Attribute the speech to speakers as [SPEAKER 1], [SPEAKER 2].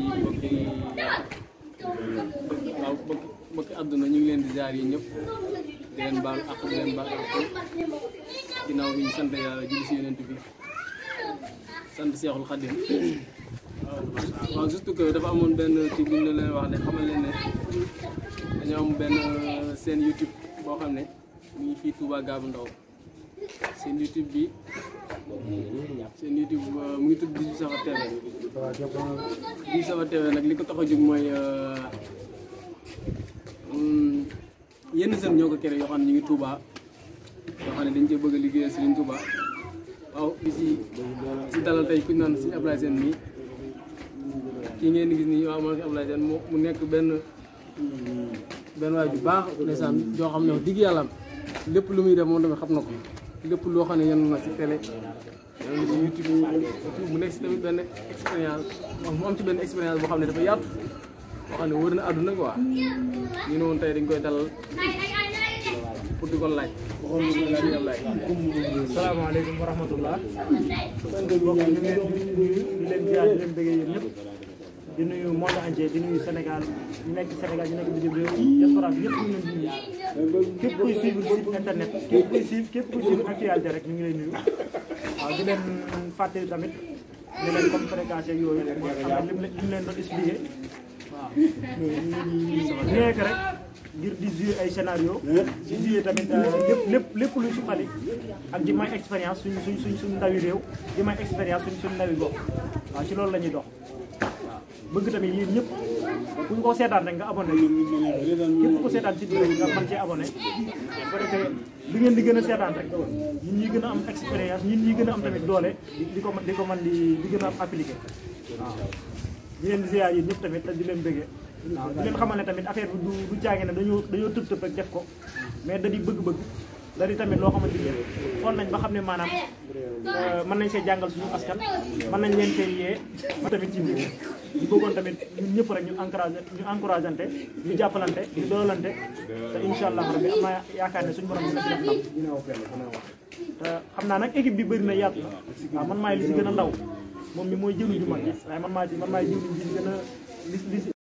[SPEAKER 1] mbokki waaw mbokki mbokki àdduna ñu ngi leen di jaar yi ñëpp di leen baal ak leen baal ak ginnaaw bi ñu sant yàlla julli si yonent bi sant Seexul Xadim waaw juste que dafa amoon benn ci bu ñu leen wax ne xamal leen ne dañoo am benn seen YouTube boo xam ne mu ngi fii Touba Gaabu Ndaw bi seen YouTube euh, mu ngi tudd 18 Safar TV. waaw jërëjëf. 18 Safar nag li ko tax a jóg mooy euh, mm, yenn seen ñoo ko kere yoo xam ne ñu ngi Touba yoo xam ne dañ cee bëgg a liggéeyal Serigne Touba waaw bi si si dalal tey ku ñu si Serigne Ablaye Sène mii kii ngeen gis nii waaw man Serigne Ablaye Sène mu nekk benn benn waay bu baax ndeysaan yoo xam ne digg yàlla lépp lu muy def moom tamit xam na ko. lépp loo xam ne yan na si télé yan na si YouTube mu nekk si tamit benn expérience mu am ci benn expérience boo xam ne dafa yaatu boo xam ne wër na ko quoi ñu ne woon tey dañ koy dalal pour di ko laaj. salaamaaleykum wa rahmatullah.
[SPEAKER 2] ñu ngi leen di nuyu di di nuyu monde entier di nuyu Sénégal ñu nekk Sénégal ñu nekk bitim réew ñu ngi leen
[SPEAKER 1] di
[SPEAKER 2] nuyu képp kuy suivre internet képp kuy suivre képp kuy suivre ñu ngi lay nuyu waaw di leen tamit ne leen comme fréquence yeeg yooyu mooy xam nga lim di jouer ay scénario di euh, lépp lépp lépp luy suqali ak di may expérience su suñ suñ suñ ndawi réew di may expérience suñ suñ ndawi gox waaw ci loolu la ñuy dox bëgg tamit yéen ñëpp bu ñu ko seetaan rek nga abonné képp ko seetaan ci biir nga mën dengan abonné bu ko defee ngeen di gën a rek ñun ñi am expérience ñun ñi am tamit doole di ko di ko mën di di gën a am appliqué waaw di leen di ziar yéen ñëpp tamit di leen bëggee waaw di leen xamal ne tamit affaire bi du du jaage ne dañoo dañoo tëb tëb rek def ko mais da di bëgg-bëgg da di tamit loo xamante ni nañ ba nañ jàngal suñu askan nañ leen tamit ci ñu bëggoon tamit ñun ñu encouragé ñu encourageante ñu jàppalante ñu doolante te incha allah rabbi am naa yaakaar ne suñu borom dina ci def ndam te xam naa nag équipe bi bëri na yaatu na waaw man maay li a ndaw moom mi mooy jëwriñ ju waaye man maay jëwriñ a li